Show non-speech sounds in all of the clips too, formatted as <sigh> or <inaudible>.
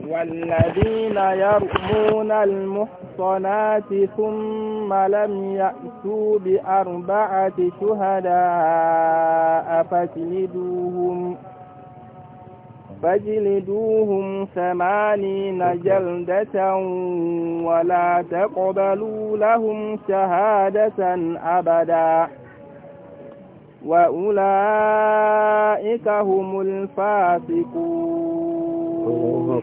والذين يرمون المحصنات ثم لم يأتوا بأربعة شهداء فاجلدوهم فاجلدوهم ثمانين جلدة ولا تقبلوا لهم شهادة أبدا وأولئك هم الفاسقون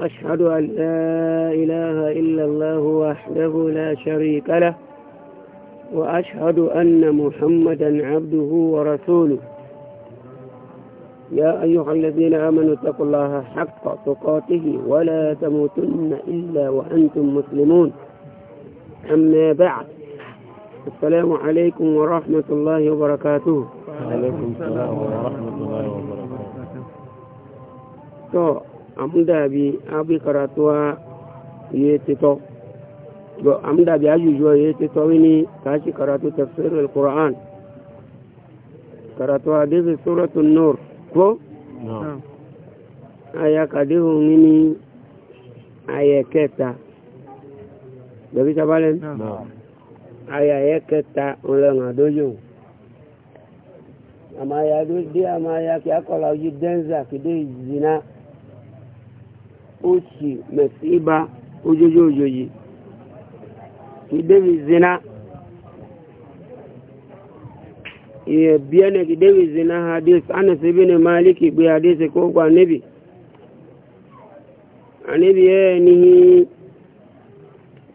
أشهد أن لا إله إلا الله وحده لا شريك له وأشهد أن محمدا عبده ورسوله يا أيها الذين آمنوا اتقوا الله حق تقاته ولا تموتن إلا وأنتم مسلمون أما بعد السلام عليكم ورحمة الله وبركاته وعليكم السلام ورحمة الله وبركاته amudabi abi karatuwa ye tito bo amudabi ajujuwa ye tito wini kashi karatu tafsir al-qur'an karatu hadithi suratu nur ko no. aya kadihu ngini aya kẹta bẹbi sabalẹ no. aya yẹ kẹta ọlọrun adójú àmàyà dé àmàyà kí akọlà ojú dẹ́nzà kìdé ìzìnà. osi mesi ịba ojoji ojoji kidebi ihe biya na kidebi zina hadis anasị bi na maliki bi hadis ka ụgwọ anibi anibi ya ya n'ihi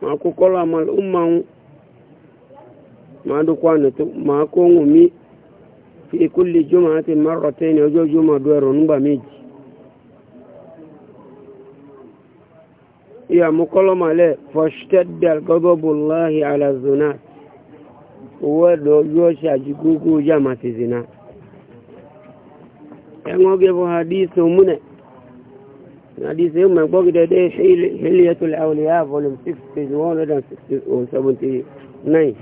ma akwụkwọla ma ụmụanwụ ma dukwa n'otu ma akwụ ọnwụ mi fi kulli juma ati marotin ojoji ụmụadu ero n'ụgba meji يا مقلم عليه فاشتد الغضب الله على الزنا ودوجو شاجكوكو جامع الزنا ينوغي في حديث من حديث يوم بقد دي حلية الأولياء فولم 679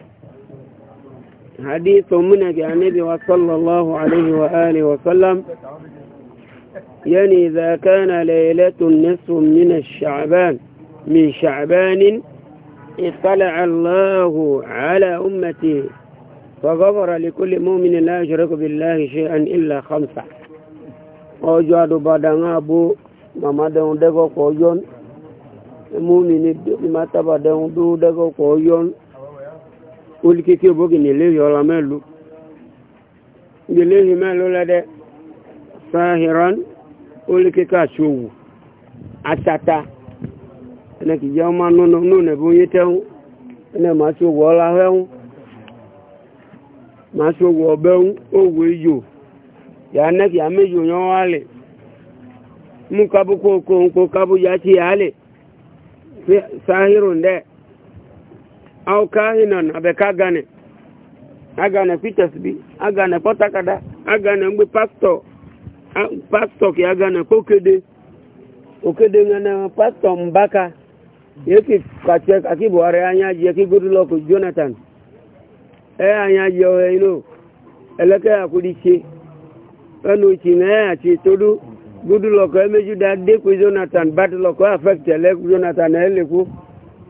حديث منك عن النبي صلى الله عليه وآله وسلم يعني إذا كان ليلة نصف من الشعبان من شعبان اطلع الله على أمتي فغفر لكل مؤمن لا يشرك بالله شيئا إلا خمسة ọjọ́ àdùbàdàn ààbò màmádẹ́hùn dẹ́gọ́kọ̀ ọjọ́ múmìnì mátàbàdẹ́hùn dúró dẹ́gọ́kọ̀ ọjọ́ olùkíkí òbókìní léyìí ọ̀la mẹ́lú gbèléyìí mẹ́lú lẹ́dẹ́ sáhìrán olùkíkà ṣòwò àtàtà ene ki je ma nọ no no ne bu yete ene ma so wo la he hu ma so wo ya ne ki ame yo yo ale mu ya ti ale sahirun de au kahinan agane peters bi agane mgbe pastọ pastọ ngana pastọ mbaka yeki kachek aki buhari anyaji yeki goodluck jonathan ee anyaji ọhẹ inú ẹlẹkẹ àkúdíṣe ẹnu ìtìnà ẹ àti ìtọdú goodluck ẹ méjì dá dékù jonathan badluck ẹ affect ẹlẹkù jonathan ẹ lẹkù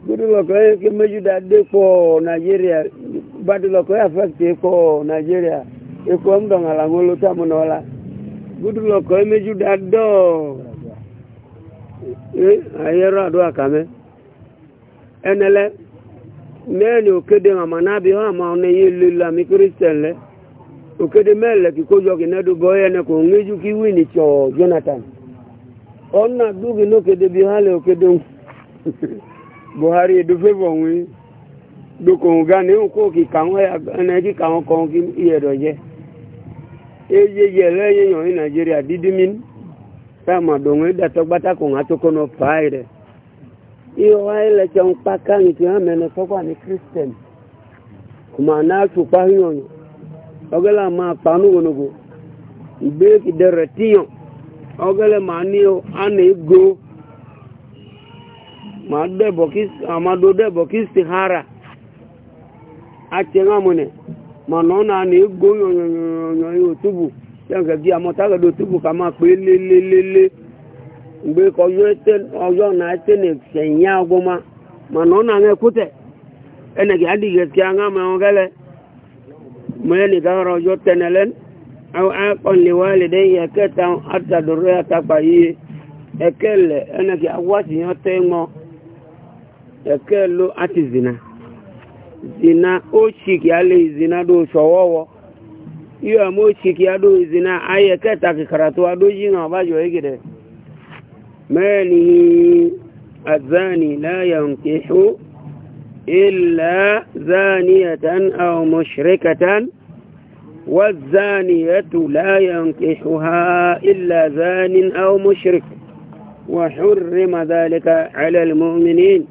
goodluck ẹ méjì dá dékù nàìjíríà badluck ẹ affect ẹkọ nàìjíríà ẹkọ ẹmdọ̀ngàlà ńlọ tàmùnà ọ̀la goodluck ẹ méjì dá dọ́ọ̀ ẹ ayẹrọ àdó àkàmẹ́. ɛnɛ lɛ mɛni okede ŋama n'abi hɔn ama ɔne yi lila mi kristian lɛ okede mɛlɛ kikodzɔ kene do bɔ ɛnɛ ko ŋedzu ki wini tsɔ jonathan bi hã okede <laughs> buhari edo fevɔ ŋui do ko ŋu gani ŋu ko kika ŋu ɛnɛ kika eye ye mi gbata iwa ile chong paka ni tu amene sokwa ni kristen kuma na tu pa hiyo ogela ma panu gono go be ki deretio ogela ma ni o ane go ma de bokis ama do de bokis ti hara a chenga mone ma no na ni go yo yo yo yo tubu yang ka gi amota ga do tubu kama pelelelele mgbe ka ọjọọ na-ete na-ese ya ọgbụma mana ọ na-aṅa ekwute enegi adịghị esi aṅa ma ọ gele ma ya nigara ọjọọ tenelen akpọnliwalide ihe keta atadoro ya takpa ihe ekele enegi agwasi ya te ṅụọ ekelu ati zina zina ochiki ale zina do sọwọwọ iyo ama ochiki ado zina aye keta kikara to adoji na ọbajọ egide ماله الزاني لا ينكح إلا زانية أو مشركة والزانية لا ينكحها إلا زان أو مشرك وحرم ذلك على المؤمنين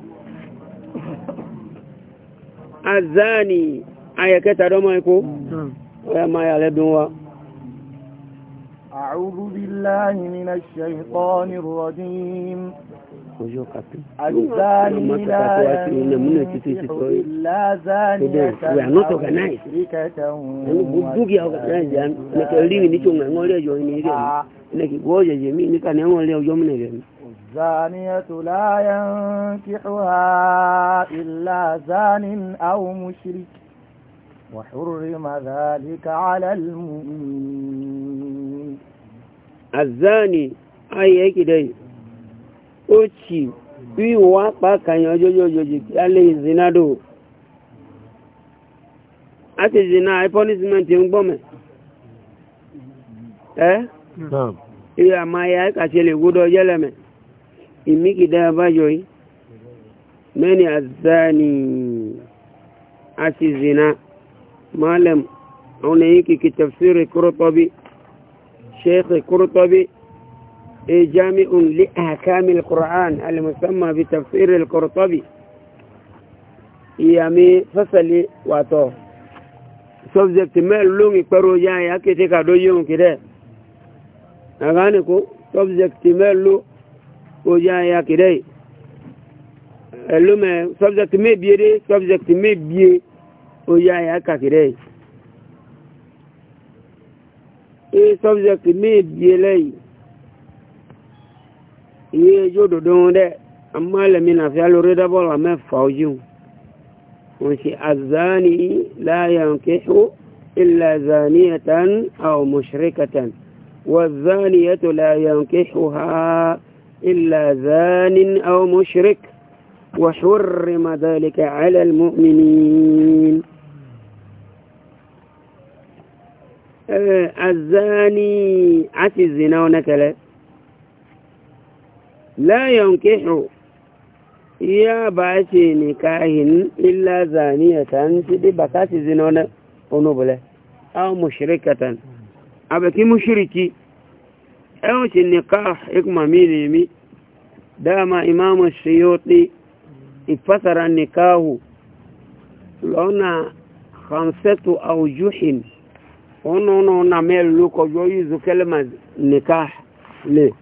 الزاني أيكتا رميكو وما يلدوا أعوذ بالله من الشيطان الرجيم الزاني لا ينكح إلا زانية مشركة ومشركة الزانية لا ينكحها إلا زان أو مشرك وحرم ذلك على المؤمنين azani aye kidai ochi bi wa pa kan yojojojoji ale zinado ati zina punishment ń gbọ́ mẹ́ ẹ́ ìyá àmàyà kàṣẹ lè gbọ́dọ̀ yẹ́lẹ̀ mẹ́ ìmíkìdá abájọ yìí mẹ́ni àzáni àti zina malam àwọn èyí kìkì tafsiri kúrọ́tọ́bí شيخ قرطبي جامع لأحكام القرآن المسمى بتفسير القرطبي يامي فصل واتو subject mẹ́rin lóhun ìpẹ́rọ ya ya kété kàdó yíò kìdẹ́ àgáníkó subject mẹ́rin ló ó ya ya kìdẹ́ ẹ̀lómẹ̀ subject mẹ́bíere subject mẹ́bíe ó ya ya kàkìdẹ́ yìí e subject méèbì eléyìí iye ejò dòdò wọn dẹ àmọ́ ẹlẹ́mi nàfẹ́ lórí dábọ́ọ̀lù mẹ́fà ojú wọn ṣe àzáni láàyè nkéhó ilẹ̀ zani ẹ̀tàn àwọn mọ̀ṣẹ́rẹ́kẹtàn wọ́zani ẹ̀tọ́ láàyè nkéhó ha ilẹ̀ zani àwọn mọ̀ṣẹ́rẹ́k وحرم ذلك على المؤمنين الزاني عتي الزنا ونكلا لا ينكح يا باشي نكاهن إلا زانية سيدي بكاتي زنا ونبلة أو مشركة أبكي مشركي أو النكاح إكما ميلي مي دام إمام الشيوطي افسر النكاح لونا خمسة أوجه unaona unamelu yuzu kalima nikah le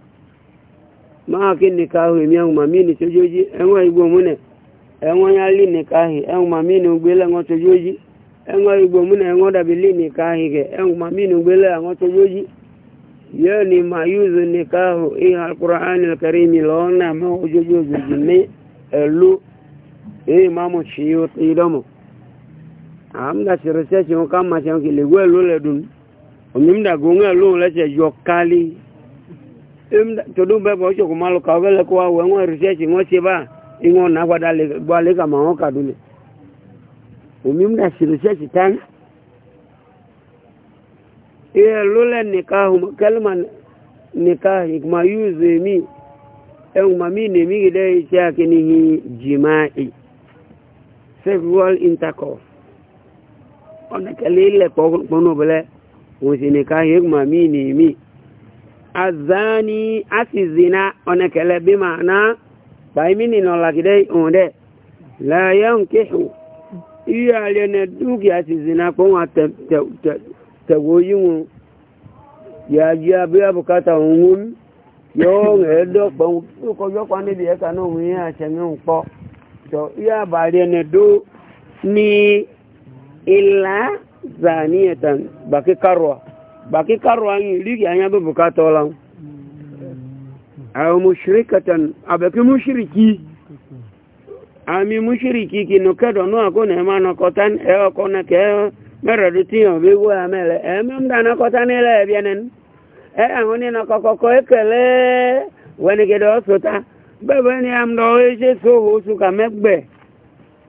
maaki ma mi mamini chojoji enwa igbo mune enwa yali nikahi enwa mamini ugbele ngo chojoji enwa igbo mune enwa dabili nikahi ke enwa mamini ugbele ngo chojoji yani mayuzu nikahu iha alquran alkarim lona ma ujojoji ne elu e mamu chiyo idomo amda si research mo kama se ki le gwe lo le dun onim da go ngel lo le se yo kali em to do be bo ko malo ka gele ko wa ngo research ngo se ba ingo na wada le gwa le kama ngo ka dun onim da si research tan e lo le nikahu kalman nikah ikma yuze mi e umami ne mi gide ise akini jima'i sexual intercourse ọ̀nàkẹ́lẹ́ ilẹ̀ pọ́nú bẹ́lẹ́ òun sì ní ká yéé mà mí nì mí. azani asizina zina ọ̀nàkẹ́lẹ́ bí mà ná báyìí mí nìyẹn ọ̀làkìdẹ́ òun dẹ̀ láyé òǹkéhù iye alẹ́ nẹ dúkìá sì zina kó wọn tẹ̀wọ́ yí wọn yàjí abíyá bùkátà òun wọn yóò ẹ̀ dọ́gbọ̀n kọjọ́ pa níbi ẹ̀ka náà òun yẹn àṣẹ mi ń pọ̀ tọ́ iye àbàrí ẹnẹ dó ní illa zaniyatan baki karwa baki karwa yin ligi an yabi bukata olan aw mushrikatan abaki mushriki ami mushriki ki no kedo no ako ne ma no kotan e ko na ke mero du ti on bi wo amele e mem da na kotan ile e bienen e an ni no kokoko ekele wani gedo sota bebe ni am do e se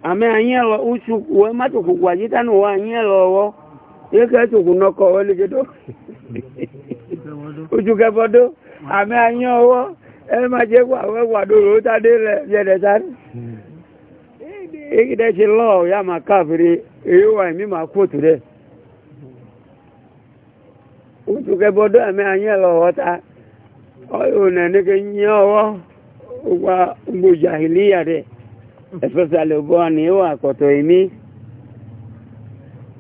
ame anyelo utsu wo mato ku gwa jita no anyelo wo ye ka tu ku noko wo le jedo utsu ka bodo ame anyo wo e ma je gwa wo gwa do ro ta de le je de san e de e lo ya ma ka fere e yo wa mi ma ku tu de utsu ka bodo ame anyelo wo ta o yo ne ne ke nyo wo wa mu jahiliya de especially ogbon ni ó àkọ̀tọ̀ èmi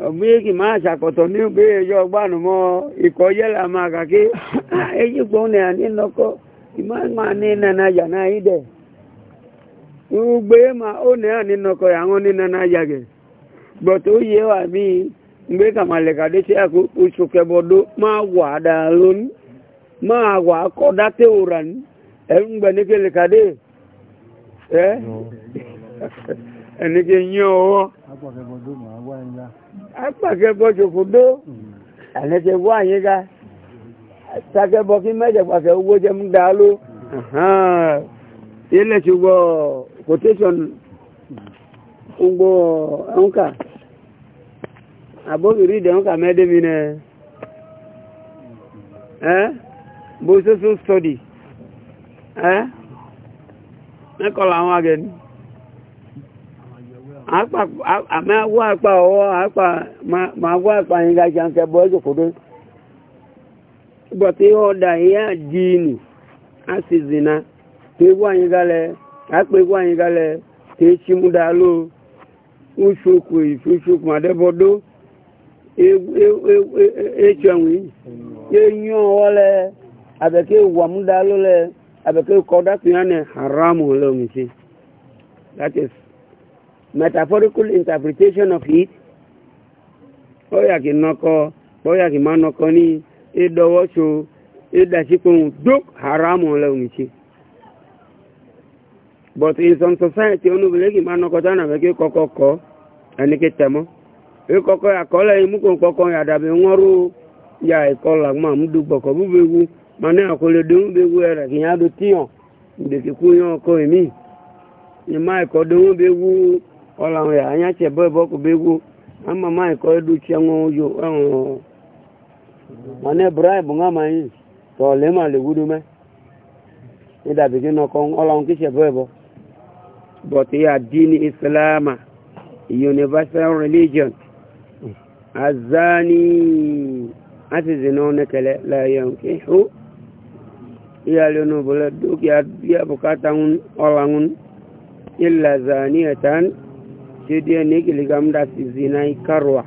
ọgbí kì máa ṣàkọ̀tọ̀ ní pé ẹjọ́ ọgbàánu mọ́ ikọ̀ yẹ́là máa kàkí èyí gbọ́n ní ànínàkọ́ ìmáàmà ní nana yàná ìdẹ̀ gbogbo ma ó ní ànínàkọ́ àwọn ní nana yàgẹ̀ gbọ́tò yẹ wà bí gbé kàmàlẹ̀ kàdé tí oṣù kẹbọdó máa wà dáa lónìí máa wà kọ́ dátẹ́ òrà ní ẹ̀ ń ní kẹlẹ̀ kàdé ẹ́ <laughs> ẹni kí yín ọwọ́ apàkẹ́kọ̀ọ́ ṣòkòdó ẹni kí wá yín ká takẹ́bọ̀ kí mẹ́jẹ̀pàkẹ́ owó jẹ́ ń dá ló ilẹ̀ ṣùgbọ́n quotation gbogbo ẹ̀ǹkà àbóbìrí ìdẹ̀ǹkà mẹ́dẹ́mi nẹ ẹ́ bó social study ẹ́ mẹ́kọ̀ọ́ làwọn agẹ̀ni. àmì àwọ̀ akpa ọwọ́ akpa ma wọ́ àpá ìgbà jàǹkẹ́ bọ́ ìjòkòdó gbọ̀tí ọ̀dà ìyá dìínì a sì zìnà tí ewu àyí galẹ̀ àpẹ́ ewu àyí galẹ̀ tí e ṣí e, e, e, haramu lọ́mìí that is metaphorical interpretation of it bóyá kì nọkọ bóyá ma má nọkọ ní ìdọwọ́sọ ìdásíkòhùn dúk haram lẹ́hùn ìṣe but in some society onúbìlẹ̀ gị ma nọkọ tánà fẹ́kẹ́ kọ́kọ́ kọ́ ẹni kì tẹ̀mọ́ ìkọ́kọ́ ya ìkọlà ya ń dùgbọ̀kọ̀ búbewu mà ní àkọlẹ̀ dùn bẹ́wu ẹ̀rẹ̀ ọla ya anya chebe ebe ọkụ bụ egwu ama maanyị ka ọ duchie nwaoyo ọhụrụ mana bribe nwa maanyị ka ọ lee ma legwuru me ịdabigi n'ọkọ ọla nke chebe ebe but ya dini islama universal religion azani ati zina onekele la yankihu iyalẹ onubula dúkìá bí abùkátà ọlànún ilà zaniyatan تدي نيجي لغامدا تزيناي كروة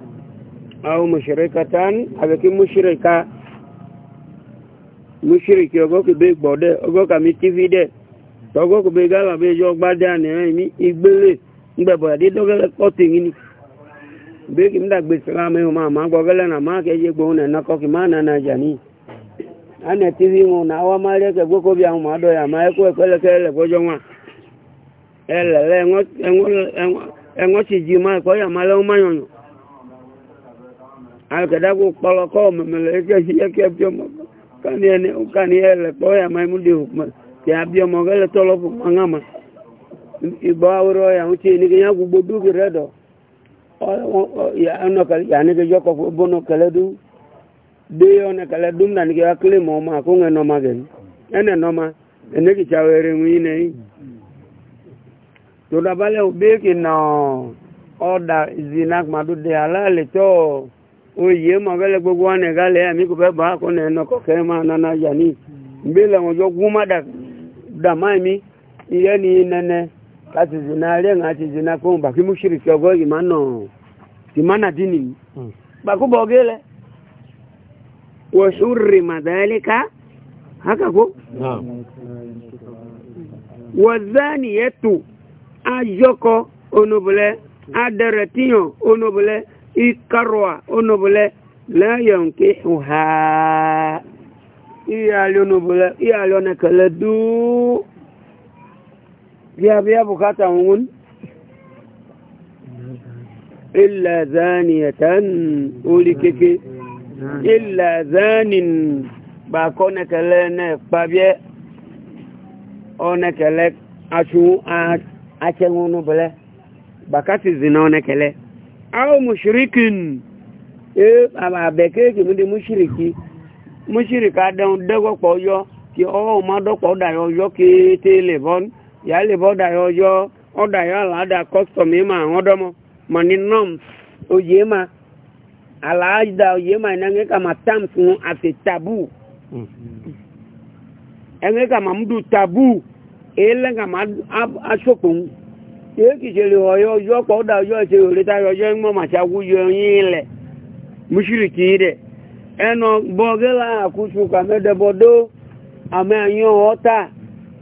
أو مشركة أبكي مشركة مشركة أقولك بيك بودة أقولك أمي تيفي ده tọgọ́ kò bẹ gáàlà bẹ jọ gbá dá ní ẹ̀rìn mi ìgbélé ńgbẹ̀bọ̀ àdé dọ́gẹ́lẹ́ kọ́tì yìí ni bí kì í dàgbé sílámù ẹ̀hún máa máa gbọ́gẹ́lẹ́ náà máa kẹ́ yé gbóhùn náà náà kọ́kì máa nàá nàjà ní. àná tí fi hàn náà wá máa rẹ́kẹ̀ gbókò bí àwọn máa dọ̀yà máa ẹ̀kọ́ ẹ̀kọ́ ẹ̀lẹ́kẹ́ ẹ̀lẹ́kọ́jọ́ wọn ẹ̀lẹ́lẹ́ ẹ̀wọ́n ẹ̀wọ́n ti jí máa kọ́ yà máa lẹ́wọ́n máa yànyàn àgbẹ̀dàgbò pọ̀lọ́kọ́ mẹ́mẹ́lẹ́ ẹgbẹ́ sí yẹ́kẹ́ abíọ́mọ́ káni ẹni káni ẹ lẹ kọ́ yà máa mú di òkùnmọ́ kí abíọ́mọ́ kẹ́ lẹ tọ́lọ́ fún mangama ìbọ̀ awúrọ̀ yà ń tí ní kí yà ń gbogbo dúkì rẹ dọ̀ ọ̀hún yà ń nọ̀kẹ́ yà ní kí yọkọ̀ todabale obeki na ọ̀dà zinak madude aláàlẹ̀ tọ́ oyè mọ̀gẹ́lẹ̀ gbogbo wọn nìgalẹ̀ ẹ̀mí kò fẹ́ bá kó nà ẹ̀nà kọ̀kẹ́ máa nana yanni gbélé wọn jọ gún má dàmá mi iye ni nene láti zina rẹ̀ ń àti zina kó ń bà kí mú ṣìrì kí ọgọ́ yìí má nà kì má nà dín nìyí. gbàkúbọ̀ gẹ́lẹ̀ wọ̀ṣù rè màdàlíkà hákàkó wọ̀zánìyẹ ayɔkɔ onobolɛ adɛrɛtiyɔn onobolɛ ikarua onobolɛ lɛyɔnke ha iyali onobolɛ iyali ɔnɛkɛlɛ duu biabia bukata ŋun illa zaniyatan oli keke illa zani bakɔ nɛkɛlɛ nɛ kpabiɛ ɔnɛkɛlɛ atu a ache ŋunu bele bakati zina kele au mushrikin e ama beke ki mundi mushriki mushrika don dogo po yo ki o ma do po da yo yo ki le bon ya le bo da yo yo o da yo la da custom e ma won do mo mani nom o ye ma ala da o ye ma na nge kama tam fun ati tabu mm-hmm. enge kama mdu tabu elenga ma asokun ye ki se le oyo ojo po da ojo se ma cha wu yo yin le mushriki de eno bogela akusu ka me de bodo ame anyo ota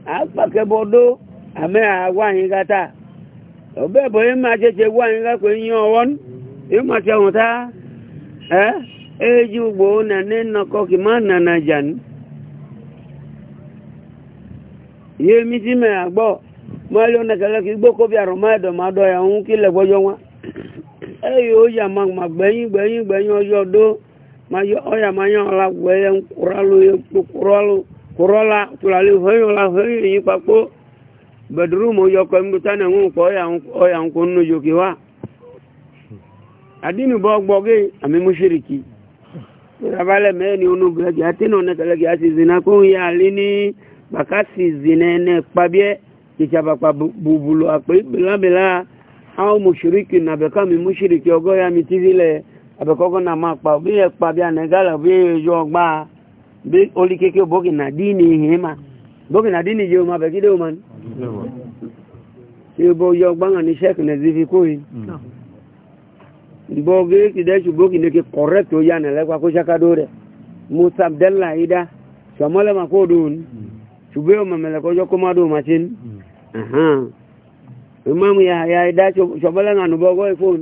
apake bodo ame awa yin gata obe bo yin e ma se se wa yin e e ta eh? na ne noko ki na na ye miti me agbo ma lo na kala ki gboko bi arun ma do ma do ya un ki le gbojo won e yo <clears throat> ya ma ma gbeyin gbeyin gbeyin ojo do ma yo oya ma yan la gbe en kuralo ye kuralo kurola tulale hoyo la hoyo yi papo bedroom yo ko mi tane un ko ya un o ya un ko nu yo ki wa adini bo gboge ami ni unu gbe ati no na kala ki ati zina ko ya lini bakasi zinene kpabie kichabakpa bubulu akpe bilabila awo mushiriki na beka mi mushiriki ogo ya mi tivi le abekogo na ma kpa obi ye kpabie anegala obi ye yo gba bi oli keke bogi na dini hima bogi na dini yoma bekide oman ibo yo gba nga ni shek na zivi koi mm. bogi kidechu bogi neke correct oyana lekwa kushakadore musa abdallah ida shamole makodun mm -hmm ṣùgbọ́n ọmọ mẹ́lẹ̀kọ́jọ́ kó má dùn màtín ìmáàmù yàhàyà ìdá ṣọ̀bọ́lẹ́nà ànúbọ́gọ́ ìfóòn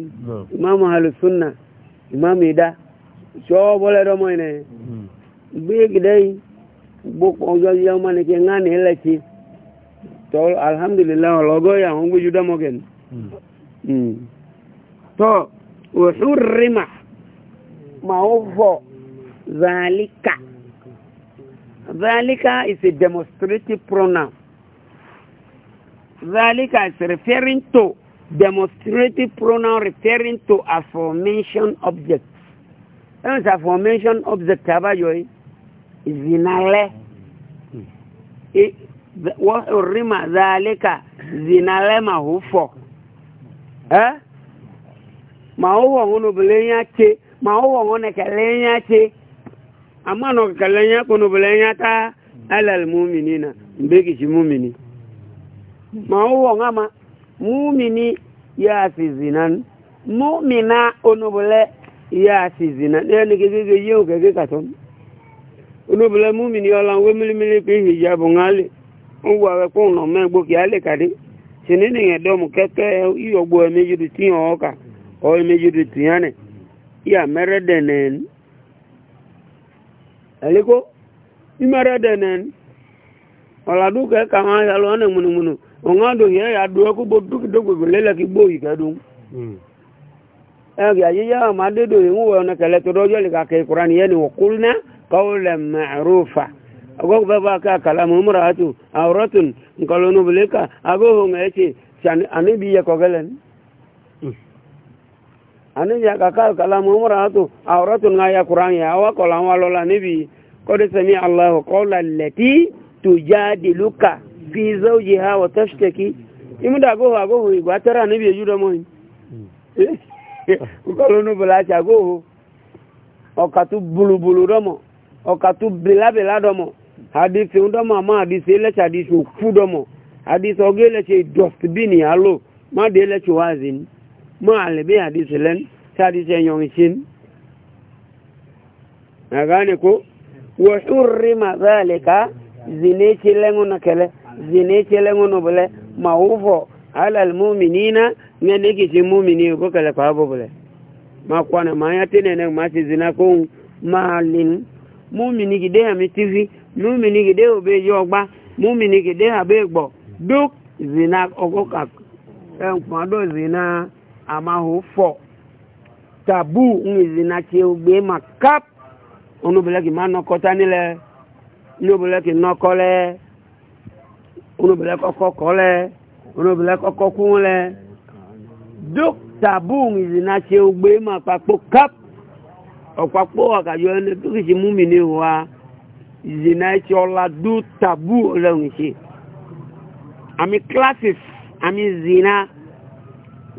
ìmáàmù alùsùnà ìmáàmù ìdá ṣọ́bọ́lẹ́dọ́mọ́ ilẹ̀ gbéègìdẹ́ yìí gbókò ọjọ́ yíyá ọmọ ní kí ń hàn nílẹ̀ tí tọ́ alhamdulillah ọlọ́gọ́ yà wọ́n gbójú dámọ́gẹ̀ tọ́ òṣùrìmà máa ń fọ̀ zàlíkà Zalika is a demonstrative pronoun. Zalika is referring to demonstrative pronoun referring to affirmation object. Ẹnu sọ affirmation object àbáyọ is ìzìnalẹ́. Wọ́n rí rima Zalika zinale mà ó fọ̀. Mà ó wọ̀ wọn obìnrin yẹn á ṣe, mà amma no kallanya kunu bulanya ta alal mu'minina mbeki shi mu'mini ma huwa ngama mu'mini ya fi zinan mu'mina onubule ya fi zinan ya ni gege yeu gege katon onubule mu'mini ola we milimili pe hijabu ngale nwa we ko no me gbo ki ale kade sinini yẹn dọmu kẹkẹ iyọgbọ ẹmẹjudu tiyan ọka ọ ẹmẹjudu tiyan nẹ iya mẹrẹdẹnẹ ẹ̀lẹ́kọ́ ìmẹ́rẹ́ dẹ̀nẹ̀n ọ̀làdúkẹ́ kàwọn ayàlọ ọ̀nà múnumúnu ọ̀ngá dòyìn ẹ̀yà dùn ẹkú bó dúkìdógbògbò e kí gbó ya ẹ̀rì àyíyá ọmọ adédòyìn ń wọ ọ̀nà kẹlẹ́ tó dọ́jọ́ ka kàkẹ́ ìkura nìyẹn ni wọ́n kúrú ná kọ́wọ́lẹ̀ mẹ́rùfà anija kakal kalamu umratu auratun ngaya kurang ya awa kolam walola nibi kodi sami allah qawla allati tujadiluka fi zawjiha wa tashtaki imuda go ah, go go igwatara nibi ejudo mo hmm. ukolo <laughs> nu bula cha go okatu bulubulu domo okatu bilabila domo hadisi undomo ama hadisi ile cha hadisi kudomo hadisi ogele cha dustbin ya lo ma de ile cha wazini mọ́ àlẹ́bí àdìsí lẹ́nu tí àdìsí ẹ̀yàn ìṣin àgánìkó wọ̀ṣúrí màzáàlìká zinéṣe lẹ́ngùn kẹlẹ́ zinéṣe lẹ́ngùn bọ̀lẹ́ màwúfọ̀ alàlmúmìnínà ngẹ́nẹ́kìsí múmìnì òkú kẹlẹ̀ pàábọ̀ bọ̀lẹ̀ máa kwana máa yá tẹ́nẹ̀ náà máa ṣe zina kóhun máa lẹ́nu múmìnì gìdé àmì tífí múmìnì gìdé òbí yọ ọgbá múmìnì àbẹ́ gbọ̀ dúk zina ọkọ̀ kàkọ́ e zina. amahu fɔ tabu ŋizinatsi ogbe ma kap onobele ki ma nɔkɔ tani lɛ onobele ki nɔkɔ lɛ onobele kɔkɔ kɔ lɛ onobele kɔkɔ kun lɛ duk tabu ŋizinatsi ogbe ma kpakpo kap ɔkpakpo akadzɔ ɛnɛ tukisi mumi ni wa zinatsi ɔla du tabu lɛ ŋutsi ami classes ami zina.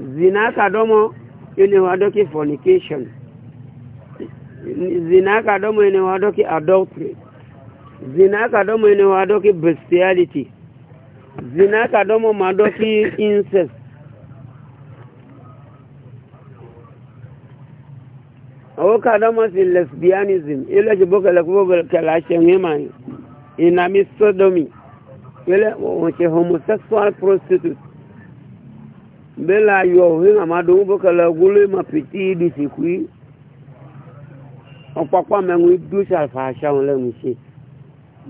zina kadomo ene wadoki fornication zina kadomo ene wadoki adultery zina kadomo ene wadoki bestiality zina kadomo madoki incest o kadomo si lesbianism ile jibokele kubobele kelashe ngema inami sodomy ile wache homosexual prostitute bela yo hinga madu bokala gule mapiti disikui opakwa mengu dus alfasha ole mushi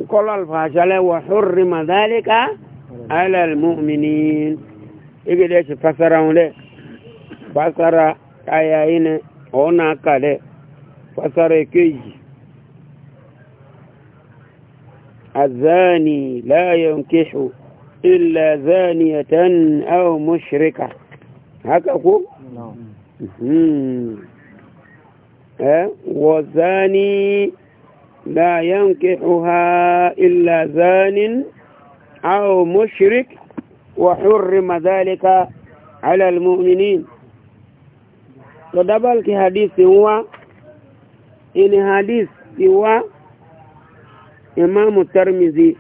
kola alfasha le wa hurrima dhalika ala almu'minin igede shi fasara ole fasara aya ine ona kale fasara keji الزاني لا ينكح إلا زانية أو مشركة هكا أقول أه؟ وزاني لا ينكحها إلا زان أو مشرك وحرم ذلك على المؤمنين ودبل كحديث هو إن حديث هو إمام الترمذي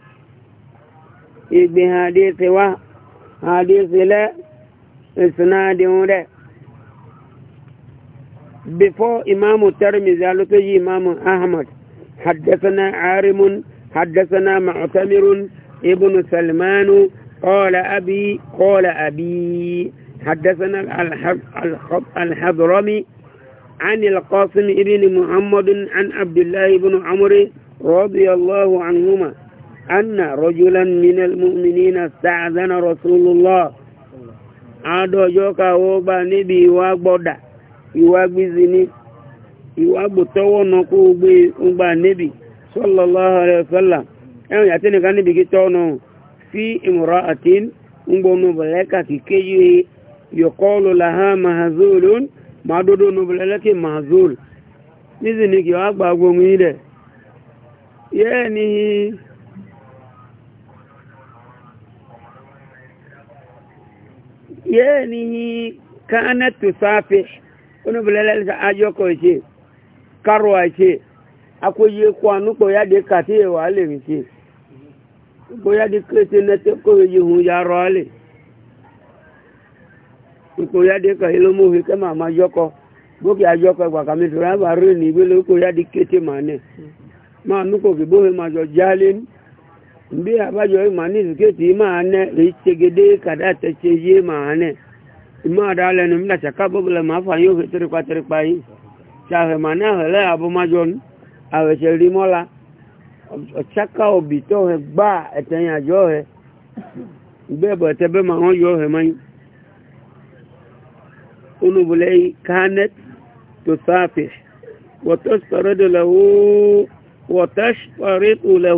igbe hadisi wa hadisi lẹ ìsinadi ń rẹ before imam tirmidhi alutoyi imam ahmad حدثنا عارم حدثنا معتمر ابن سلمان قال أبي قال أبي حدثنا الحضرمي عن القاسم بن محمد عن عبد الله بن عمر رضي الله عنهما أن رجلا من المؤمنين استعذن رسول الله àádọ́ ọjọ́ ká ó bá níbi ìwà gbọ́dà ìwà gbízi ní ìwà gbòtọ́wọ́ náà kó gbé ńgbà níbi sallallahu alaihi wasallam ẹ̀rùn yàtí nìkan níbi kí tọ́ náà fi imra'atin ń gbọ́nù bẹ̀lẹ́kà kì kéyí yọkọ́lù làhá mahazulun máa dódó nù bẹ̀lẹ́kì mahazul nízi ni kì wá gbàgbóhun ilẹ̀ yẹ́ẹ̀ níhi yanihi kana tusafi wani bilalal sa ajo ko ce karwa ce akwai ye kwanu ya de kati wa le ce ko de kete na te ko ye hu ya ro ala ko ya de ka ilo mu he ma yoko bo ki ajo ko gba kami dura ba re ni bi lo ko ya de kete ma ne ma nu ki bo ma jo bí abájọ ìmọ̀ ní ìsìkéètì máa nẹ́ èyí ṣegede kàdá tẹ̀sẹ̀ yé máa nẹ́ ìmọ̀ àdá lẹ́nu mílà ṣàká bọ́bọ̀lẹ̀ máa fà yóò fi tẹ́rẹ̀pá tẹ́rẹ̀pá yìí ṣàfẹ̀ máa ní àhẹ̀lẹ́ àbọ̀májọ ní àwẹ̀ṣẹ̀ rí mọ́la ọ̀ṣáká òbí tó hẹ gbá ẹ̀tẹ̀yìn àjọ hẹ bẹ́ẹ̀bọ̀ ẹ̀tẹ́bẹ́ máa wọ́n yọ hẹ mọ́yìn onubulẹ̀ kánẹ́t tó sáfẹ̀ wọ́tọ́ṣ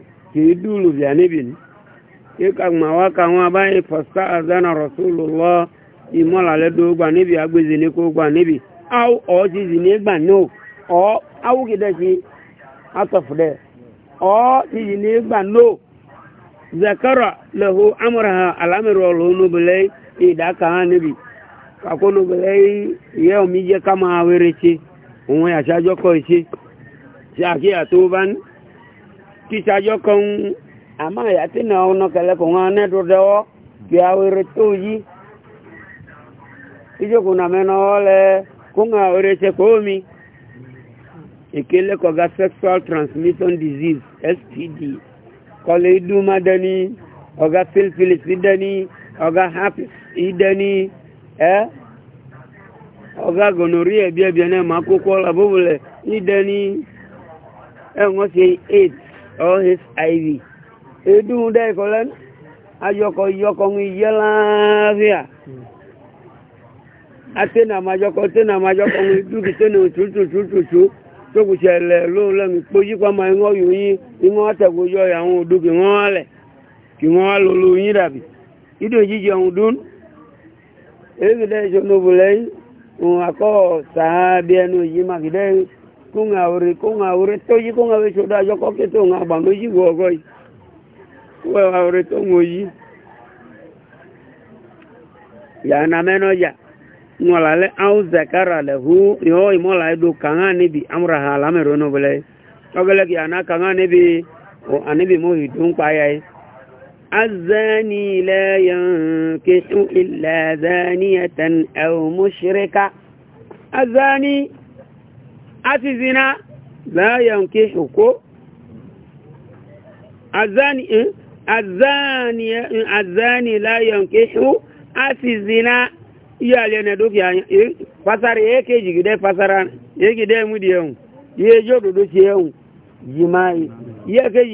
kìí dúró bí àníbì ní kíkà gbàwá káwọn abáyé fọ́sítà àzánà rọ̀súlù na ìmọ̀làlẹ́ dógbà níbi agbèzè ní kó gbà níbi ọ̀ ti zì ní gbà ní o ọ̀ awúkìdẹ́ ọ atọ̀fùdẹ́ ọ̀ ti zì ní gbà ní o zakara lẹ́hu amúraha alámìrọ̀ lónúbìlẹ́ ha níbi kàkónúbìlẹ́ ìyẹ́ omi jẹ́ ká máa ya ṣe òun ya àjọkọ̀ ṣe ṣe àkíyà tó kisa jɔ kɔn ama yati na ɔnɔ kɛlɛ kɔn hã ne do dɛ wɔ kia wɛrɛ to yi idzo ko na mɛ na wɔ lɛ ko ŋa wɛrɛ tɛ ko mi ekele kɔga sexual transmission disease std kɔlɛ iduma dɛni ɔga syphilis dɛni ɔga herpes dɛni ɛ ɔga gonorrhea biabia ne ma koko la bobo lɛ idɛni ɛ ŋɔ se aids or HIV. Edu dẹ́ kọ́lẹ́ ayọkọ̀ yọkọ̀ ń yẹ láàáfíà. Atena majọkọ̀ tena majọkọ̀ ń dúkì tena òtútùtùtù tó kù ṣẹlẹ̀ lóhùn lẹ́nu kpojú pàmò ẹ̀ńgọ́ yòó yín ìwọ́n àtẹ̀kọ́ yọ àwọn odò kì wọ́n wá lẹ̀ kì wọ́n wá lolo yín dàbí. Ìdò jíjẹ òun dún. Èyí kìí dẹ́ ìṣòro bò lẹ́yìn òun àkọ́ sàá bí ẹnu yìí màkìdẹ́yìn kó ŋa wòre kó ŋa wòre tóyi kó ŋa wòre tso do adzɔ kɔkè tó ŋa ba méjì wò ɔgɔ yi kó ŋa wòre tó ŋo yi yàrá mɛnɔ dza ŋɔla lɛ awo zakara lɛ hu yɔ ìmɔla yɛ do kaŋa níbi amúraha lamɛrɛ nù bɛlɛ ɔbɛlɛ kì yàrá kaŋa níbi o anibi mo yi dùn kpa yà yi. الزاني لا ينكح إلا زانية أو مشركة الزاني àti zina láyàn kí òkó àzáni láyàn kí ó àti zina yíyàlẹ̀ ẹ̀nà dókè pàtàrí èké jìgìdẹ́ pàtàrà èkìdẹ́ múdí ẹ̀hùn yíyẹ jọ dòdó ti ẹ̀hùn jìmá yíyẹ kéjì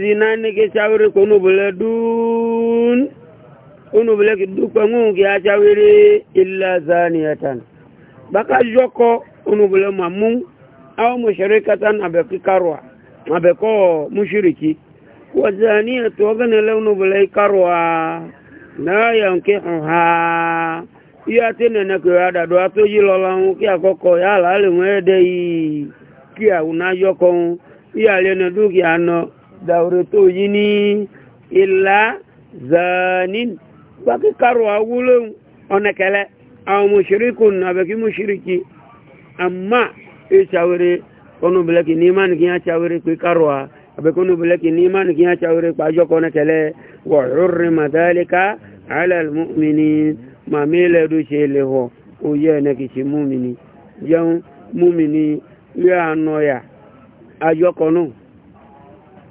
zina ní kéṣàwéré kò ní òbòlẹ̀ dùn unu bilaki dukpa ŋun kì aca wiri illa zaniyatan baka jɔkɔ unu bila ma mun aw mushrikatan abe kikarwa abe kɔ mushriki wa zaniyatu ɔgana la unu bila ikarwa na yanke ha iya te nene ko ya dado ato yi lɔla ŋu kí akɔkɔ ya la ale ŋu ɛdɛ yi kí awu na jɔkɔ ŋu iya lɛ ne du kí anɔ dawuro to yi ni illa zanin gbaki karo awulen onekele awo na nabeki mushiriki amma ishawere kono bilaki niman kiya chawere kwi karoa abekonu n'i niman kiya chawere kpajo konekele wa hurrima dhalika ala almu'minin mamele du shele ho oye ne kishi mumini jẹun mumini ya anọya ajọkọ náà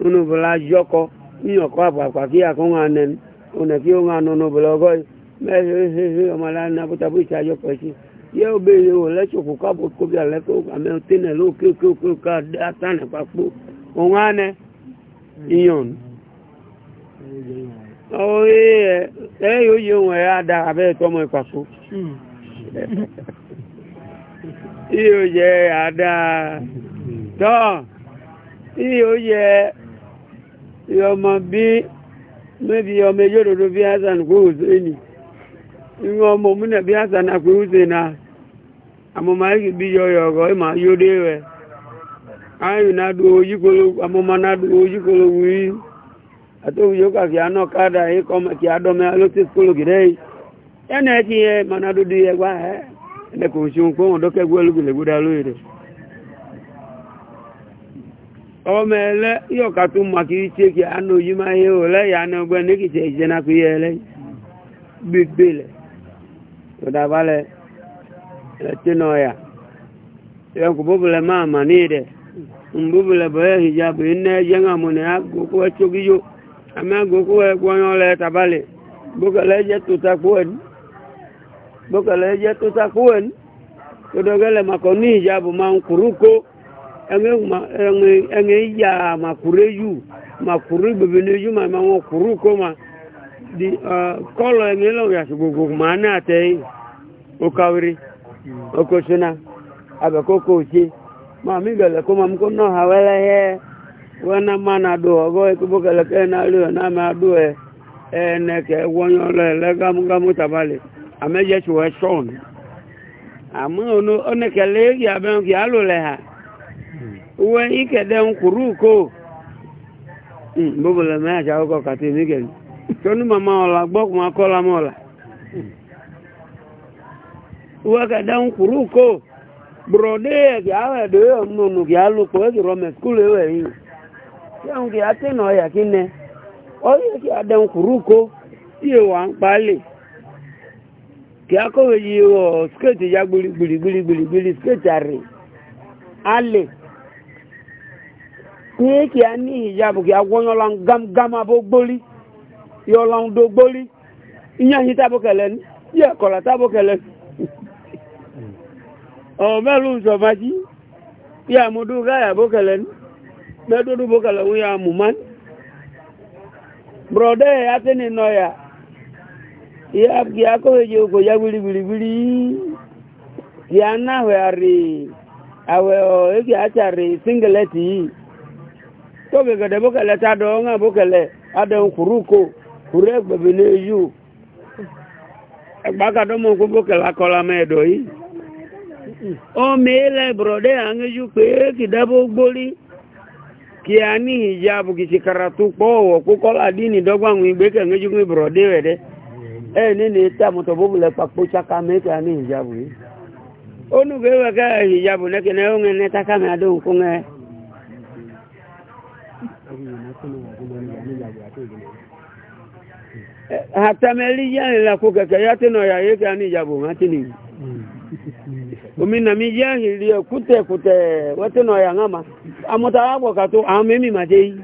nínú bọlá ajọkọ ní ọkọ àpàpà kí àkóhàn anẹni unaki onga nono blogoi mehesese omala na butabu chajo kochi ye obeye wole choko kabo kobi aleko ame otene lo ke ke ke ka atane papo ongane iyon oye e yo ye onwe ya da abe tomo papo hmm. iyo je ada to iyo je yo mo bi mebi ya ejororo bí hasan kò hùsẹ́ ni inú ọmọ ọmụmụ na hasan kò hùsẹ́ na amụma ayé bí yọyọ ọ̀gọ́ ẹ̀ máa yóò dé rẹ̀ ayé náà do ojú kolo àmọ́mọ́ náà do ojú kolo wúrí àtòwù yóò kà kí aná adọ ma kọ́ kí adọ́mẹ́ alóṣè ya kìdẹ́ yìí ẹnì ẹ ti yẹ mọ́nàdó di ẹgbà ẹ ẹ̀ ẹ̀ ọmọ ẹlẹ́ yọ̀ká tó ma kiri tẹ́kì àánú yí máa yẹ ò lẹ́yà ní ọgbẹ́ ní kìtẹ̀ ìṣẹ́ná pé yẹ ẹlẹ́ gbígbé lẹ̀ tọ́dàbálẹ̀ ẹtínà ọ̀yà ẹkù bóbulẹ̀ máa mà ní ìdẹ̀ bóbulẹ̀ bọ́yẹ̀ hijabu iná ẹjẹ́ ńà mọ̀ ní agogo ẹtsógíyó àmì agogo ẹgbọ́nyọ́ lẹ̀ tàbálẹ̀ bókẹ̀lẹ̀ ẹjẹ́ tó takó ẹni bókẹ̀lẹ̀ ẹjẹ́ tó takó ẹni tọ́dọ̀gẹ́lẹ̀ hijabu máa ń ẹ̀mẹ́ yà màkúrẹ́ ma kwuru bèbè ní ma màmá wọn kúrú ma di kọ́lọ̀ ẹ̀mẹ́ ma yàtọ̀ gbogbo màá náà tẹ́ okawiri okosuna abẹ́kókò ṣe màmí bẹ̀lẹ̀ kó ma kó náà hàwẹ́lẹ́ yẹ wọ́n náà na náà do ọgọ́ ekébó ha. uwe ikede nkwuru uko bóbulẹ̀ mẹ́àjà ọkọ̀ kàtí nígẹ̀ tónú màmá ọ̀la gbọ́kùn akọ́lá mọ́ọ̀la uwe kede nkwuru uko brode kì á wẹ̀ dé ọ̀nùnù kì á lùkò ẹ̀kì rọmẹ̀ skúlù ẹ̀wẹ̀ yìí yẹn kì á tẹ̀nà ọ̀yà kí nẹ ọ̀yẹ́ kì á dẹ̀ nkwuru uko tí èwà ń palẹ̀ kì á kọ́wé yìí wọ̀ skate ya gbìlìgbìlìgbìlìgbìlì skate àrè alẹ̀ nye ki a ní ìyàbò kí a wọ́n yọ́ lan gámgámá bó gbórí yọ́ lan do gbórí ìyànjú tábò kẹlẹ̀ ní bí ẹ̀kọ́lá tábò kẹlẹ̀ ọ̀ mẹ́lú sọ̀fàjì bí àmúdú gáyà bó kẹlẹ̀ ní mẹ́dúdú bó kẹlẹ̀ wọ́n yà mú mán brọ̀dẹ́ atẹ́ni nọ́yà ìyá kí a kọ́ èjì okò ya wíríwíríwírí kí a toge gade bokele ta do nga bokele ade nkuruko kure gbebe ne yu agba ka do mo ku bokele akola me do yi o mele brode ange yu pe ki da bo gboli ki ani hijabu ki sikaratu po o ku kola dini do gwa ngwi gbeke ange yu ngwi brode wede e ni ni ta mo to bobule pakpo chaka me ki ani hijabu yi onu gewe ka hijabu ne ki ne unge ne takame adu nkunge hatameli jani la kukeke yati no ya yeke ani jabu matini umina mijahili kute kute wati no ya ngama amota agwa katu amemi matei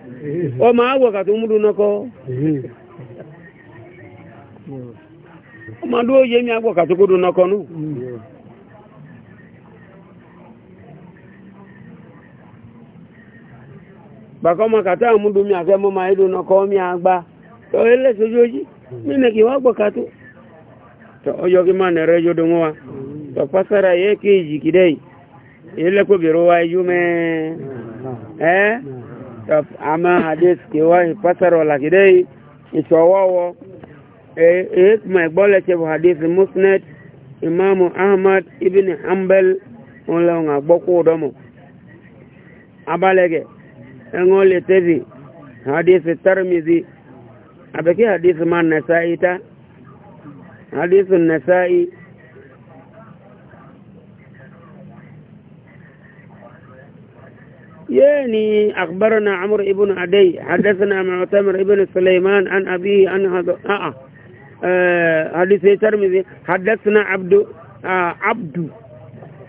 o ma agwa katu mudu nako mm. maduo yemi agwa katu kudu nako nu mm. bàkọ́mọ kàtà àmúdùmí àfẹ́mọ́ máa ń dùnà kọ́ mi àgbà tọ́ ẹlẹ́sọ̀jú ojú mímẹ́ kì wá gbọ́ kàtó tọ́ ọjọ́ kí máa nẹ̀rẹ́ yóò dùn wa tọ́ pására yẹ kéèjì kìdẹ́ yìí ẹlẹ́kọ̀ọ́ bèrè wa ẹjú mẹ́ ẹ́ tọ́ àmà àdé kì wá pására ọ̀là kìdẹ́ yìí ìṣọwọ́wọ́ ẹ̀ kùmà ẹ̀gbọ́ lẹ́sẹ̀ bọ̀ àdé sí musnet imam ahmad ibn hanbal wọn lẹ́wọ̀n àgbọ́kú ọ̀dọ́mọ̀ abalẹ̀gẹ̀ ẹ̀wọ́n lè tẹ́bi hadith tarmizi àbẹ̀kí hadith ma nasa'i ta hadith nasa'i يعني أخبرنا عمر بن عدي حدثنا معتمر بن سليمان عن أبيه عن هذا آه آه حديث الترمذي حدثنا عبد آه عبد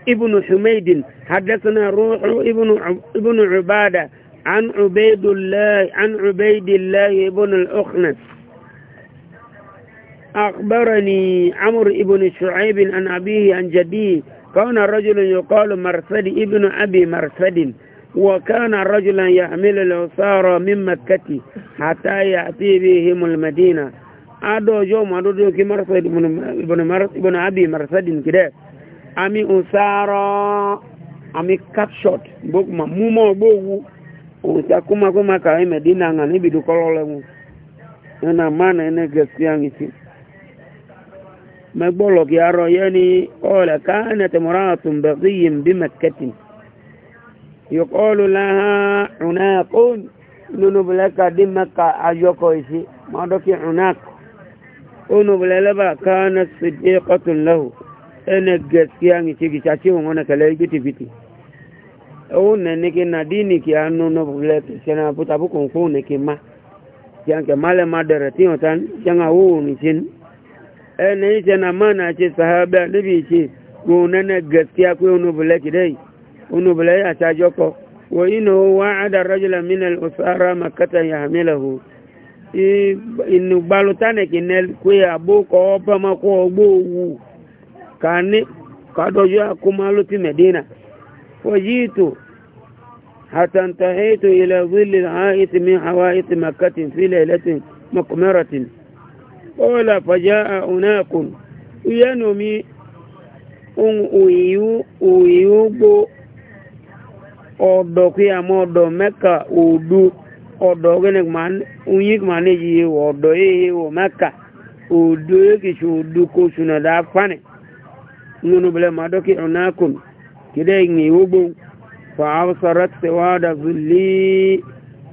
ابن حميد حدثنا روح ابن ابن عبادة عن عبيد الله عن عبيد الله ابن الأخنس أخبرني عمر ابن شعيب عن أبيه عن جديه كان رجل يقال مرسد ابن أبي مرسد وكان رجلا يحمل الأسارة من مكة حتى يأتي بهم المدينة أدو يوم أدو كي مرسد ابن, مرس ابن أبي مرسد كده أمي أسارة أمي كابشوت بوك ممو بوك uta kuma kuma ka medina nga ni bidu kolole mu na mana ne gaskiya ngici magbolo ki aro yani ola kanat muratun baghiyin bi makkatin yuqalu laha unaqun nunu bulaka di makka ajoko isi madoki unaq unu bulalaba kanat siddiqatun lahu ene gaskiya ngici gichachi wona kale giti biti une niki na dini ki anu no bule tena puta bu kon ko ne ki ma yang ke male madere ti otan yang awu ni chin e ne ite na mana ci sahaba ne bi ci ko ne ne gaskiya ko unu bule ki dai unu bule ya ta joko wa inu wa'ada rajulan min al-usara makkata yahmiluhu inu balutane ki ne ko ya bo ko pa ma ko gbo kani kadojo akumalu ti medina وجئت حتى انتهيت إلى ظل العائت من حوائط مكة في ليلة مقمرة قال فجاء هناك ينمي أن أيوب ọ̀dọ̀ kí a mọ́ ọ̀dọ̀ mẹ́ka òdu ọ̀dọ̀ oyin ma ní yìí ọ̀dọ̀ yìí wọ̀ mẹ́ka òdu yìí kìí ṣe òdu kó ṣùnà dáa fánì nínú bẹ̀rẹ̀ mọ́ ọ̀dọ̀ kí ọ̀nà kùnú كده يوبو فأبصرت سواد ظلي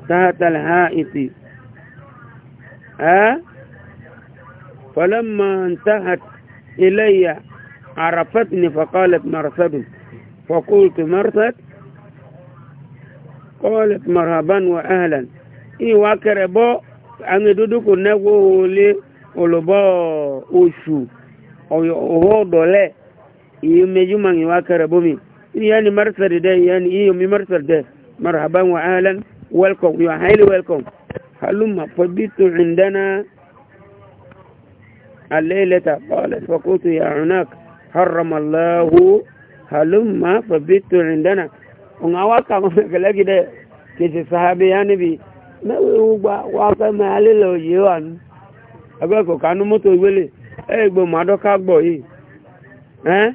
تحت الحائط أه؟ فلما انتهت إلي عرفتني فقالت مرثد فقلت مرثد قالت مرحبا وأهلا إيه وكربو أنا دودك نقول لي ولبا أشو أو هو دولي iyo mejuman iwa karabumi yani marsar da yani iyo mi marsar da marhaban wa ahlan welcome you are highly welcome halumma fabitu indana الليلة قالت فقلت يا عناك حرم الله هلما فبت عندنا ونواقع لك ده كيس صحابي يا نبي ما واقع ما عليه يوان أقولك كانوا متوبلي إيه بمادو كابوي ها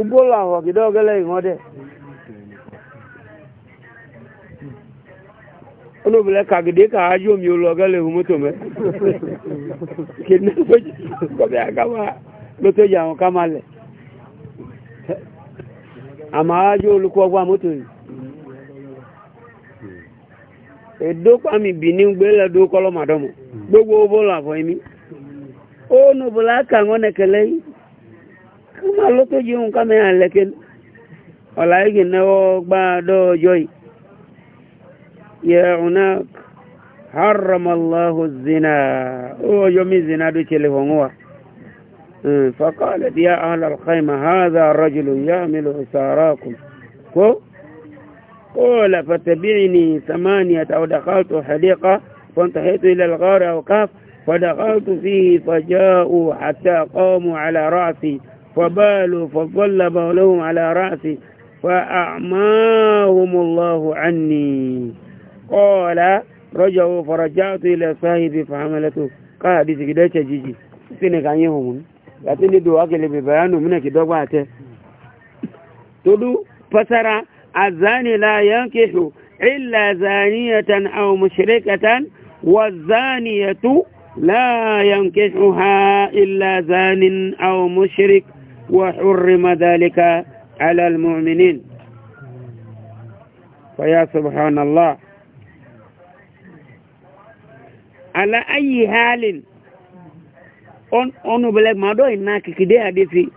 ugbolo ahụ gide ogele ịghọde onobele ka gide ka ha ji omi olu ogele ihu moto me kìdínà kọbi agama lótó yà gbogbo ó nu bùlákà wọn nẹkẹlẹ yìí kí wọn ló tó yíwọn ká mẹ́rin lẹ́kẹ́ ọ̀la yìí náwó gbá dọ́ọ̀jọ́ yìí yẹ ọ̀nà haramallahu zina ó ọjọ́ mi zina dó tẹ̀lé wọn wá فقالت يا أهل الخيمة هذا رجل يعمل إساراكم قال فتبعني ثمانية أو دخلت حديقة وانتهيت إلى الغار أو كهف فدخلت فيه فجاءوا حتى قاموا على رأسي فبالوا فظل بولهم على رأسي فأعماهم الله عني قال رجعوا فرجعت إلى صاحبي فعملته قال دي كده جيجي سنة كان يهم لكن دي دواك اللي ببيانه منك دواك تدو فسر الزاني لا ينكح إلا زانية أو مشركة والزانية لا ينكحها إلا زان أو مشرك وحرم ذلك على المؤمنين فيا سبحان الله على أي حال on onu bele mado ina kikide hadithi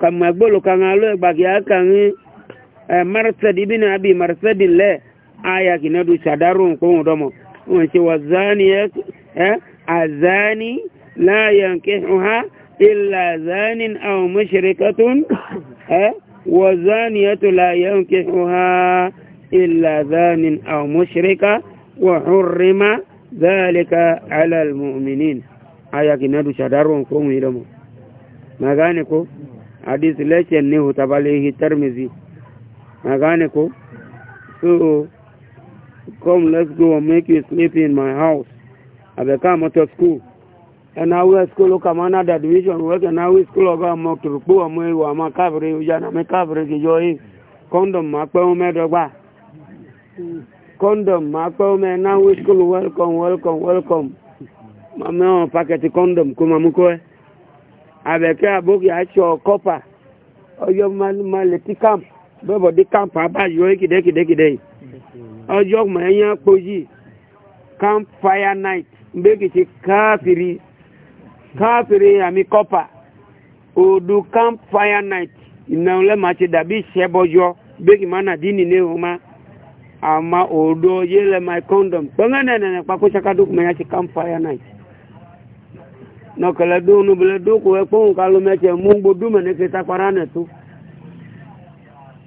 ka magbolo ka ngalo ba ya kan eh marsad ibn abi marsad le aya kinadu sadarun ko ndomo on se wazani eh الزاني لا ينكحها إلا زان أو مشركة والزانية لا ينكحها إلا زان أو مشركة وحرم ذلك على المؤمنين aya kinadu shadarun ko mu idamu magane ko hadith lecture ne hutabalehi tarmizi magane ko so come let's go and make you sleep in my house abeka motor school ena we school kama na da division we na we school ga mo turpu mo e wa ma kavre u jana me kavre ki jo yi condom ma pe o me dogba condom ma pe o me na we school welcome welcome welcome ma me o packet condom kuma mu ko abeke aboki acho copper oyo ma le ti camp bẹ́bọ̀ dé káàmpù abáyọ kìdẹ́kìdẹ́kìdẹ́ yìí ọjọ́ mọ̀ ẹ̀yìn àpòjì camp fire night mbekiti kafiri kafiri ami kopa odu camp fire night inaule machi dabi sebojo beki mana dini ne uma ama odo yele my condom bangana na pa ko chaka duk manya camp fire night no kala do no bele do ko ko kalo meche mungbo duma ne kita parane tu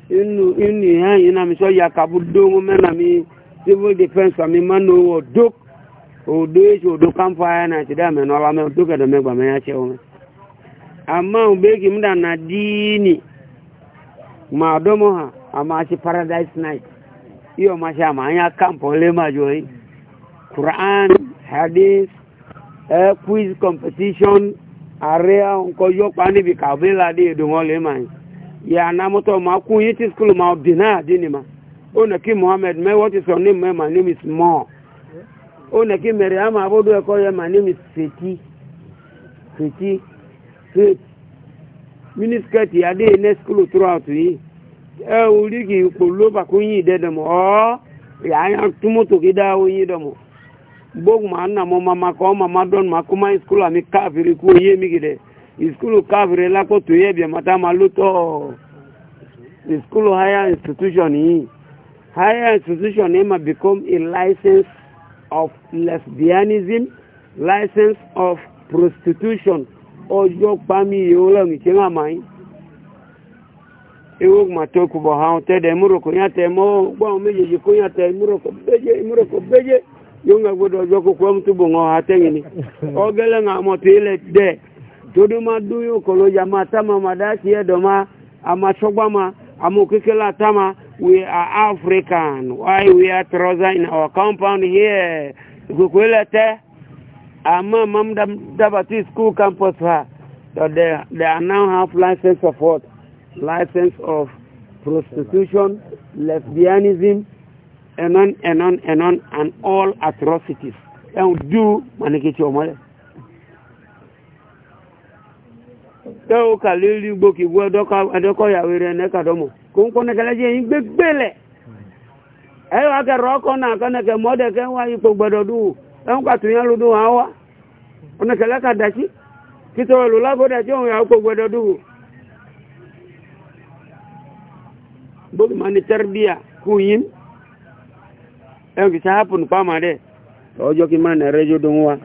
inu inu ha ina mi so ya kabu do mena mi civil defense mi manu duk odo echi odo kamfọ ahịa na achịda amenọla me odo kedo megba me ya chewo me ama ubeki mda na dini ma odomo ha ama achi paradise night iyo mashi ama anya kampo le majo yi quran hadith eh, quiz competition area nko yo pa ni bi kabila di edo won le ma ya na moto ma ku yi ti school ma obina dini ma ona ki muhammad me what is your name my name is more ó nẹ̀kí mẹ̀rẹ̀ á máa bọ́dọ̀ ẹ̀kọ́ yẹ my name is feti feti faith miniskirt adé in school throughout yìí ẹ ò rí kì í pò lóba kó yín ìdẹ́dẹ̀mọ̀ ọ́ ìyá túmọ̀tò kí dá oyin dẹ̀mọ̀ gbogbo màá nà mọ́ mama kọ́ mama dọ́n ma kó máa school àmì káfìrí kú oyé mi kìdẹ̀ school káfìrí lákòtò yẹ bìẹ̀ mọ́tà máa ló tọ́ school higher institution yìí higher institution yìí ma become a licensed of lesbianism, license of prostitution. Ojo pami yola mchenga mai. Ewo mato kubaha ute demuro kunya temo ba umeje jikunya temuro kubeje imuro kubeje yunga kudo ojo kukuwa mtu bongo hatengi ni. <laughs> Ogele nga moti ile de. Tudu maduyu kolo jamaa tama madashi ya doma. Ama chokwa ma. Ama ukikela tama. Ama we are African. Why we are trouser in our compound here? Gukulete. Ama mam dabati school campus ha. So they, they are now have license of what? License of prostitution, lesbianism, and on and on and on and all atrocities. And do manikiti omole. Tẹ́wọ́ kàlẹ́ ìlú gbòkè gbọ́ ẹ̀dọ́kọ̀ ìyàwó rẹ̀ ẹ̀nẹ́kàdọ́mọ̀ kónkó nẹkẹlẹ jẹ yín gbégbélẹ ẹ wá kẹrọ ọkọ náà kẹnẹkẹ mọdẹkẹ wá ipò gbẹdọdú ẹn kàtó yẹn lódú wọn wá ọnẹkẹlẹ kà dàtí títọrọ lò lábọdà tí òun yà ipò gbẹdọdú. gbogbo ma ni tẹrbíà kú yín ẹn kì í sáà pùn pàmò dẹ ọjọ́ kí n má nà ẹrẹ́jọ́ dùn wá.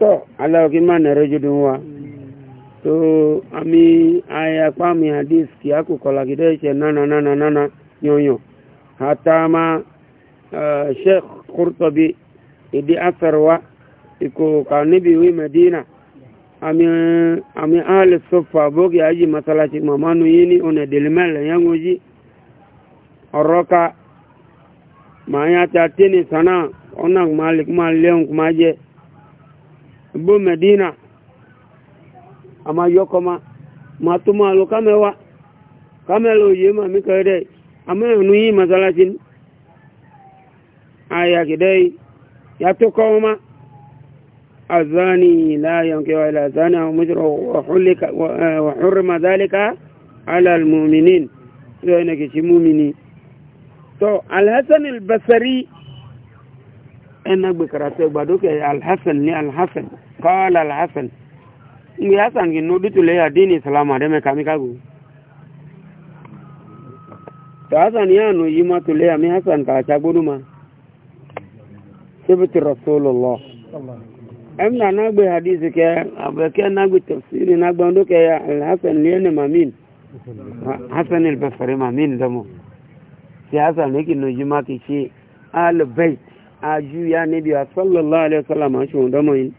tọ́ aláwọ̀kí máa nà rẹ́jọ́dọ̀ wa tó àmì ayapá mi àdís kì á kò kọ̀lá kìdẹ́ ìṣẹ̀ nánà nánà nánà yọ̀nyọ̀ àtàmà sheikh kurtobi ìdí asarwa ìkòkà níbi ìwé medina àmì àmì àlè sọfà bókì ayé masalasi mamanu yìí ní ọ̀nà ìdèlémẹ́lẹ̀ yẹn ń wọ́jí ọ̀rọ̀ ká màá yàtà tẹ́nì sánà ọ̀nà kùmà lẹ́hùn kùmà jẹ́ bo medina ama yokoma ma tuma lo kamewa kamelo ye ma mi kere ama nu yi masalatin aya gidai ya to koma azani la yankihu ila zani aw mujru wa hulika wa eh, hurma dhalika ala almu'minin yo ne ke mu'mini to alhasan albasri ẹnagbe karate gbadoke alhassan ni alhassan قال الحسن ngi hasan gi nudutu le ya dini salama de me ta hasan ya no yima tu le ya mi hasan ka cha gunuma sibti rasulullah em na na gbe hadisi ke abeke na gbe tafsiri na gbe ndo ya al hasan le ne mamin hasan al basri mamin damo si hasan ne ki no yima ki shi al bait aju ya nabi sallallahu alaihi wasallam shon damo yin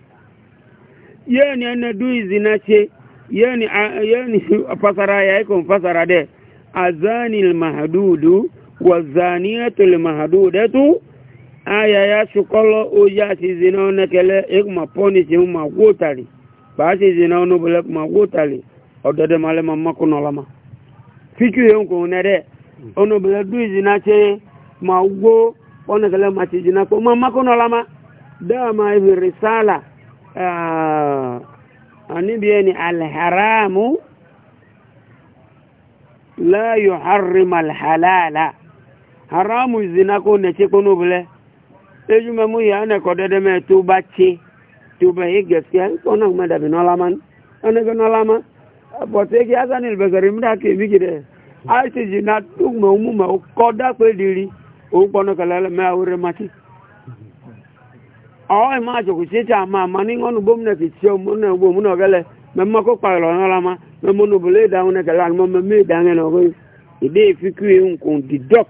yeni ene duizi nache yeni yeni <laughs> fasara ya iko fasara de azani almahdudu wa zaniyatu almahdudatu aya ya shukolo uja si zinaona kele ikma poni si uma wutali basi zinaona bele kuma wutali odode male mama kunolama fichu yonko unere ono bele duizi nache ma ugo ona kele machi jina kwa mama kunolama dama hivi risala àníbi ẹni alhàrámù láyò harim alhàlàlà haramu ìzìnà kó nẹ̀ṣẹ́ kó nóbulẹ̀ ejú mẹ́mú yà ánẹ̀kọ́ dẹ́dẹ́ mẹ́ tó bá tse tó bẹ́ yé gẹ̀fẹ́ kó náà mẹ́ dàbí nọ́lámá ẹnẹ́gbẹ́ nọ́lámá bọ̀tẹ́kì asanil bẹ̀gẹ̀rẹ̀ mú dàkẹ́ bí kìdẹ́ àìsí ìzìnà tó mẹ́ òmú mẹ́ kọ́ dápẹ́ dìrì òun kpọ́nọ́ kẹlẹ́ mẹ́ àwòrán mati ọ̀họ́ ìmọ̀ àjòkù tí tí a máa ma ní ọ̀nà gómìnà kì tí ọmọ náà gbọ́ òmùnà ọ̀gẹ́lẹ̀ mẹ́mọ́ kó pa ìrọ̀rùn ọ̀la ma mẹ́mọ́ ní obìnrin ìdáhùn náà kẹlẹ́ àmọ́ mẹ́mọ́ ìdáhùn náà ọ̀gọ́ ìdí ìfikú yìí kò dìdọ́k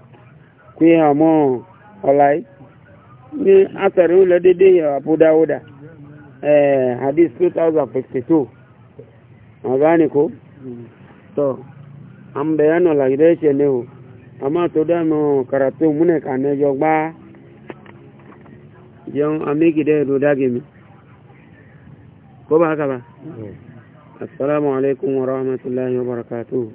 kó yẹ àmọ́ ọ̀la yìí ní afẹ́rẹ́ ìlọ dédé yẹ àbúdáwódà ẹ̀ hadith two thousand fifty two ọ̀gáníkó tó àmbẹ̀yánà làgídẹ́ ìṣẹ̀lẹ̀ o àmọ́ àtọ́dá mi kàràtó múnẹ̀ jẹun amíkìdẹ́ ìlú dágìmí kó bá kaba hmm. assalamu alaikum wa rahmatullahi wa barakatuhu